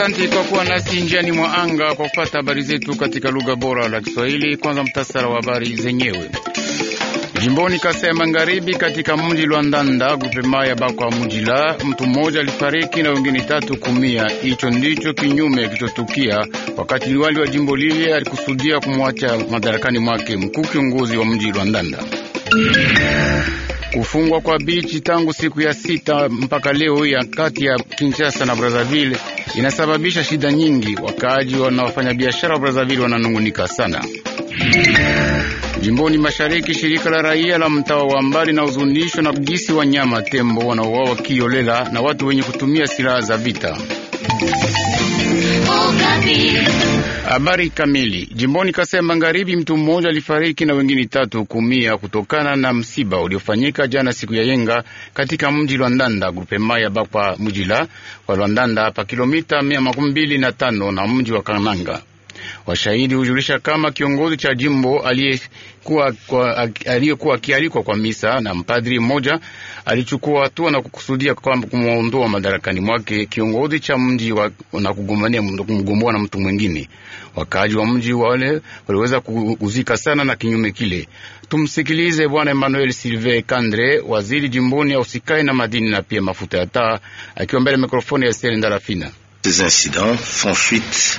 Asante kwa kuwa nasi njiani mwa anga kwa kupata habari zetu katika lugha bora la Kiswahili. Kwanza mtasara wa habari zenyewe. Jimboni Kasai ya Magharibi, katika mji Lwandanda grupema ya Bakwa la mtu mmoja alifariki na wengine tatu kumia. Hicho ndicho kinyume kilichotukia wakati liwali wa jimbo lile alikusudia kumwacha madarakani mwake mkuu kiongozi wa mji Lwandanda. Kufungwa kwa bichi tangu siku ya sita mpaka leo ya kati ya Kinshasa na Brazzaville inasababisha shida nyingi. Wakaaji na wafanyabiashara wa Brazzaville wananungunika sana. Jimboni mashariki, shirika la raia la mtawa wa mbali na uzunisho na gisi wanyama tembo wanaouawa kiolela na watu wenye kutumia silaha za vita. Habari kamili jimboni Kasai Magharibi, mtu mmoja alifariki na wengine tatu kumia kutokana na msiba uliofanyika jana siku ya yenga katika mji ndanda grupema ya bakwa mujila wa Lwandanda pa kilomita mia makumi mbili na tano na mji wa Kananga. Washahidi hujulisha kama kiongozi cha jimbo aliyekuwa akialikwa kwa misa na mpadri mmoja alichukua hatua na kukusudia kumwondoa madarakani mwake kiongozi cha mji na kugombania kumgomboa na mtu mwingine. Wakaaji wa mji wale waliweza kuzika sana na kinyume kile. Tumsikilize Bwana Emmanuel Silve Kandre, waziri jimboni ya na madini na pia mafuta ya taa, akiwa mbele mikrofoni ya Esther Ndarafina.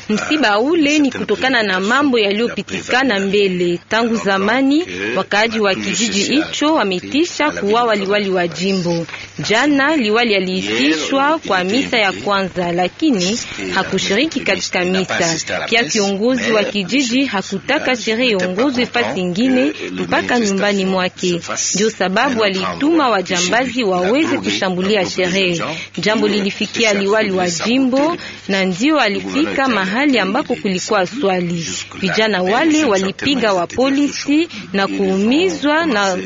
Msiba ule ni kutokana na mambo yaliyopitikana mbele tangu zamani. Wakaaji wa kijiji hicho wametisha kuwawa liwali wa jimbo. Jana liwali aliitishwa kwa misa ya kwanza, lakini hakushiriki katika misa. Pia kiongozi wa kijiji hakutaka sherehe iongozwe fasi ingine mpaka nyumbani mwake, ndio sababu alituma wajambazi waweze kushambulia sherehe. Jambo lilifikia liwali wa jimbo na ndio alifika mahali ambapo kulikuwa swali. Vijana wale walipiga wa polisi na kuumizwa na,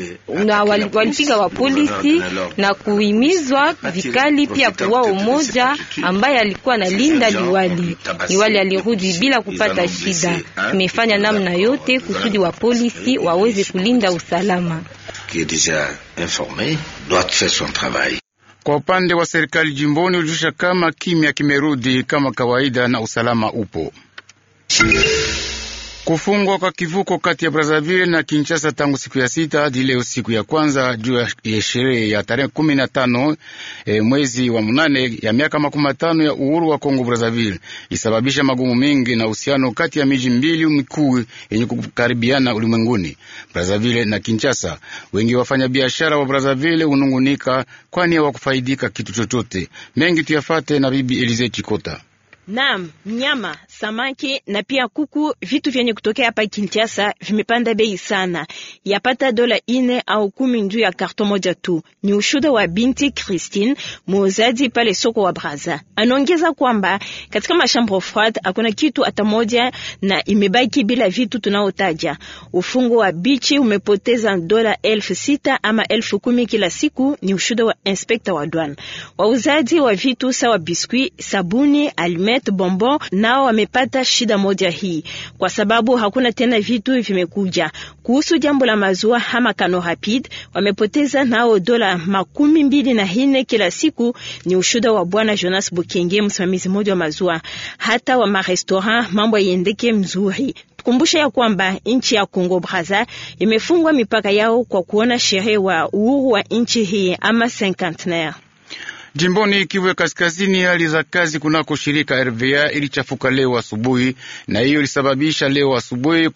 na walipiga wa polisi na kuimizwa vikali, pia kuwa moja ambaye alikuwa analinda liwali. Liwali alirudi bila kupata shida. Tumefanya namna yote kusudi wa polisi waweze kulinda usalama. Kwa upande wa serikali jimboni ulijusha kama kimya kimerudi kama kawaida na usalama upo. Kufungwa kwa kivuko kati ya Brazzaville na Kinshasa tangu siku ya sita hadi leo siku ya kwanza juu ya sherehe ya tarehe kumi na tano e, mwezi wa mnane ya miaka makumi matano ya uhuru wa Kongo Brazzaville isababisha magumu mengi na uhusiano kati ya miji mbili mikuu yenye kukaribiana ulimwenguni, Brazzaville na Kinshasa. Wengi wafanyabiashara wa Brazzaville hunungunika, kwani hawakufaidika kitu chochote. Mengi tuyafate na Bibi Elize Chikota. Naam, nyama, samaki na pia kuku, vitu vyenye kutokea hapa Kinshasa vimepanda bei sana, yapata dola ine au kumi juu ya karto moja tu. Ni ushuda wa binti Christine, muuzaji pale soko wa Braza. Anaongeza kwamba katika mashambo froide hakuna kitu hata moja na imebaki bila vitu tunaotaja. Ufungo wa bichi umepoteza dola elfu sita ama elfu kumi kila siku, ni ushuda wa inspekta wa douane. Wauzaji wa vitu sawa biskuti, sabuni, alme Juliette Bombo nao wamepata shida moja hii, kwa sababu hakuna tena vitu vimekuja. Kuhusu jambo la maziwa hama Kano Rapid, wamepoteza nao dola makumi mbili na hine kila siku. Ni ushuda wa bwana Jonas Bukenge, msimamizi mmoja wa maziwa. Hata wa marestora mambo yendeke mzuri. Kumbusha ya kwamba nchi ya Kongo Brazza imefungwa mipaka yao kwa kuona sherehe wa uhuru wa nchi hii ama cinquantenaire. Jimboni Kivu ya Kaskazini, hali za kazi kunako shirika RVA ilichafuka leo asubuhi, na hiyo ilisababisha leo asubuhi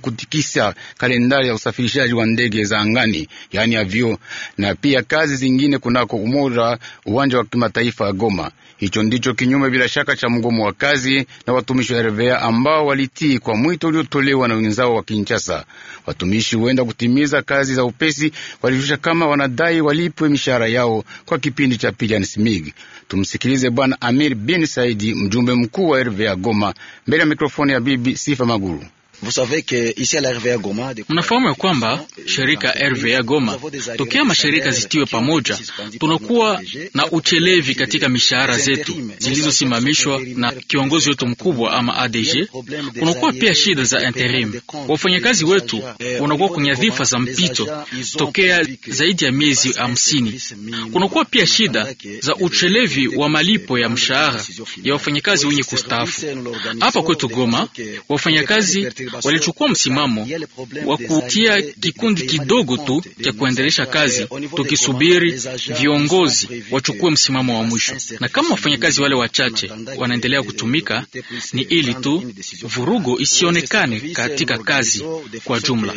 kutikisa kalendari ya usafirishaji wa ndege za angani, yaani avyo, na pia kazi zingine kunako umoja uwanja wa kimataifa wa Goma. Hicho ndicho kinyume bila shaka cha mgomo wa kazi na watumishi wa RVA ambao walitii kwa mwito uliotolewa na wenzao wa Kinshasa. Watumishi huenda kutimiza kazi za upesi, walishusha kama wanadai walipwe mishahara yao kwa kipindi cha pili. Spigan Smig. Tumsikilize Bwana Amir bin Saidi, mjumbe mkuu wa RVA Goma, mbele ya mikrofoni ya bibi Sifa Maguru. Mnafahamu ya kwamba shirika RVA Goma, tokea mashirika zitiwe pamoja, tunakuwa na uchelevi katika mishahara zetu zilizosimamishwa na kiongozi wetu mkubwa ama ADG. Kunakuwa pia shida za interim wafanyakazi wetu, wanakuwa eh, kwenye dhifa za mpito tokea zaidi ya miezi hamsini. Kunakuwa pia shida za uchelevi wa malipo ya mshahara ya wafanyakazi wenye kustaafu. Hapa kwetu Goma wafanyakazi walichukua msimamo wa kutia kikundi kidogo tu cha kuendelesha kazi, tukisubiri viongozi wachukue msimamo wa mwisho. Na kama wafanyakazi wale wachache wanaendelea kutumika, ni ili tu vurugo isionekane katika kazi kwa jumla.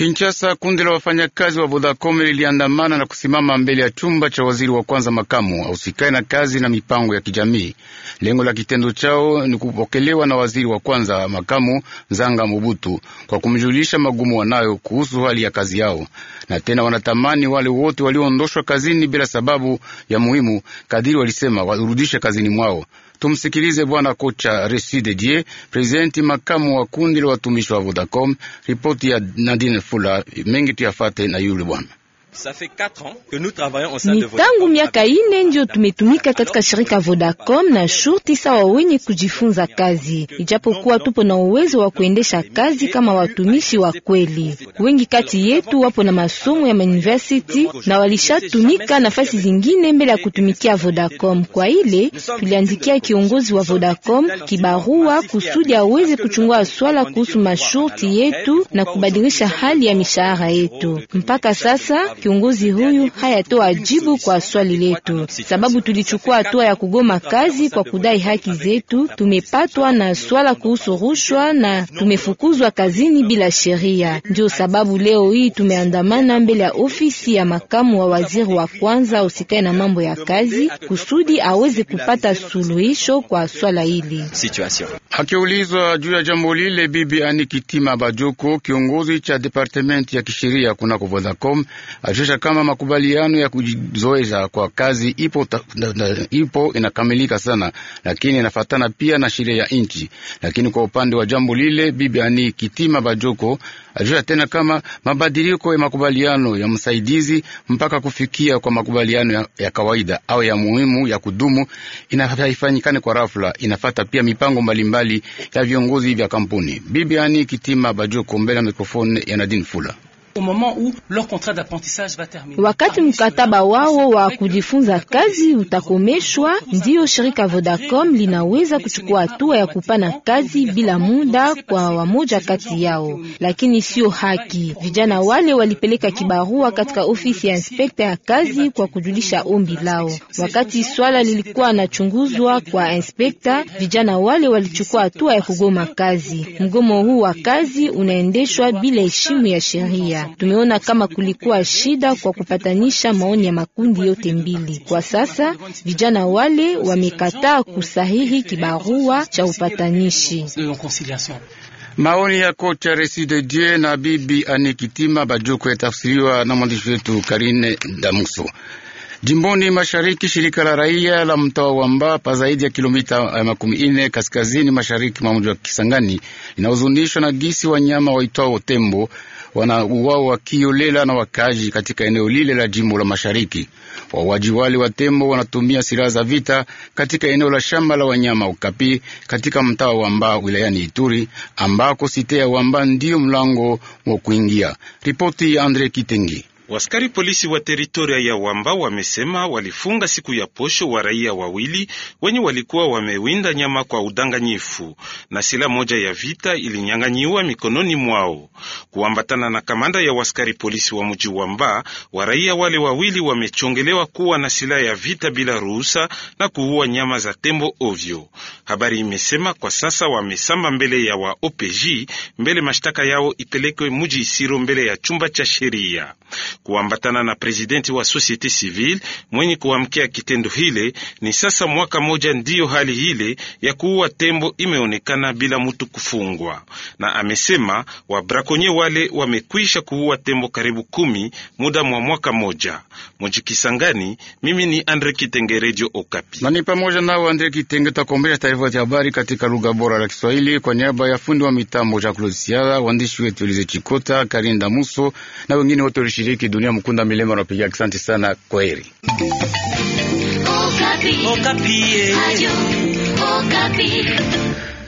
Kinshasa, kundi la wafanyakazi wa Vodacom liliandamana na kusimama mbele ya chumba cha waziri wa kwanza makamu ahusikaye na kazi na mipango ya kijamii. Lengo la kitendo chao ni kupokelewa na waziri wa kwanza makamu Zanga Mobutu kwa kumjulisha magumu wanayo kuhusu hali ya kazi yao, na tena wanatamani wale wote walioondoshwa kazini bila sababu ya muhimu, kadiri walisema, warudishe kazini mwao. Tumsikilize bwana kocha Resi de Die, presidenti makamu wa kundi la watumishi wa Vodacom. Ripoti ya Nadine fula mengi tuyafate na yule Bwana. Ni tangu miaka ine ndio tumetumika katika shirika Vodacom na shurti sawa wenye kujifunza kazi, ijapokuwa tupo na uwezo wa kuendesha kazi kama watumishi wa kweli. Wengi kati yetu wapo na masomo ya university na walishatumika nafasi zingine mbele ya kutumikia Vodacom. Kwa ile tuliandikia kiongozi wa Vodacom kibarua kusudi aweze kuchungua swala kuhusu mashurti yetu na kubadilisha hali ya mishahara yetu. Mpaka sasa Kiongozi huyu hayatoa jibu kwa swali letu, sababu tulichukua hatua ya kugoma kazi kwa kudai haki zetu. Tumepatwa na swala kuhusu rushwa na tumefukuzwa kazini bila sheria. Ndio sababu leo hii tumeandamana mbele ya ofisi ya makamu wa waziri wa kwanza usikae na mambo ya kazi kusudi aweze kupata suluhisho kwa swala hili. Akiulizwa juu ya jambo lile, bibi anikitima Bajoko, kiongozi cha departementi ya kisheria kunako Vodacom Ajulisha kama makubaliano ya kujizoeza kwa kazi ipo, ta, na, na, ipo inakamilika sana, lakini inafatana pia na sheria ya nchi. Lakini kwa upande wa jambo lile, bibi ani Kitima Bajoko ajulisha tena kama mabadiliko ya makubaliano ya msaidizi mpaka kufikia kwa makubaliano ya, ya kawaida au ya muhimu ya kudumu inafanyikane kwa rafla, inafata pia mipango mbalimbali mbali ya viongozi vya kampuni. Bibi ani Kitima Bajoko mbele ya mikrofoni ya Nadine Fula. Wakati mkataba wao wa kujifunza kazi utakomeshwa, ndiyo shirika Vodacom linaweza kuchukua hatua ya kupana kazi bila muda kwa wamoja kati yao, lakini sio haki. Vijana wale walipeleka kibarua katika ofisi ya inspekta ya kazi kwa kujulisha ombi lao. Wakati swala lilikuwa nachunguzwa kwa inspekta, vijana wale walichukua hatua ya kugoma kazi. Mgomo huu wa kazi unaendeshwa bila heshima ya sheria. Tumeona kama kulikuwa shida kwa kupatanisha maoni ya makundi yote mbili. Kwa sasa vijana wale wamekataa kusahihi kibarua cha upatanishi. Maoni ya kocha Resi de Dieu na bibi Anikitima Bajuku yatafsiriwa na mwandishi wetu Karine Damuso. Jimboni mashariki, shirika la raia la mtaa wa Mbapa, zaidi ya kilomita eh, makumi ine kaskazini mashariki mwa mji wa Kisangani, linahuzunishwa na gisi wanyama waitwao tembo wanauawa wakiolela na wakaji katika eneo lile la jimbo la mashariki. Wauaji wale wa tembo wanatumia silaha za vita katika eneo la shamba la wanyama Ukapi katika mtaa wa Wamba wilayani Ituri, ambako site ya Wamba ndiyo mlango wa kuingia. Ripoti ya Andre Kitengi. Waskari polisi wa teritoria ya Wamba wamesema walifunga siku ya posho wa raia wawili wenye walikuwa wamewinda nyama kwa udanganyifu, na sila moja ya vita ilinyang'anyiwa mikononi mwao. Kuambatana na kamanda ya waskari polisi wa mji Mba, wa raia wale wawili wamechongelewa kuwa na sila ya vita bila ruhusa na kuua nyama za tembo ovyo. Habari imesema kwa sasa wamesamba mbele ya wa OPJ mbele mashtaka yao ipelekwe mji Isiro mbele ya chumba cha sheria kuambatana na presidenti wa societe civile mwenye kuamkia kitendo hile. Ni sasa mwaka moja ndiyo hali hile ya kuua tembo imeonekana bila mutu kufungwa, na amesema wabrakonye wale wamekwisha kuua tembo karibu kumi muda mwa mwaka moja. Kisangani. mimi ni Andre Kitenge, Redio Okapi, na ni pamoja nao Andre Kitenge. Takombea taarifa za habari katika lugha bora la Kiswahili kwa niaba ya fundi wa mitambo claude siala waandishi wetu Elize Chikota, Karinda Muso na wengine wote walishiriki Dunia Mkunda Milema anapiga. Asante sana, kwaheri. Okapi. Okapi.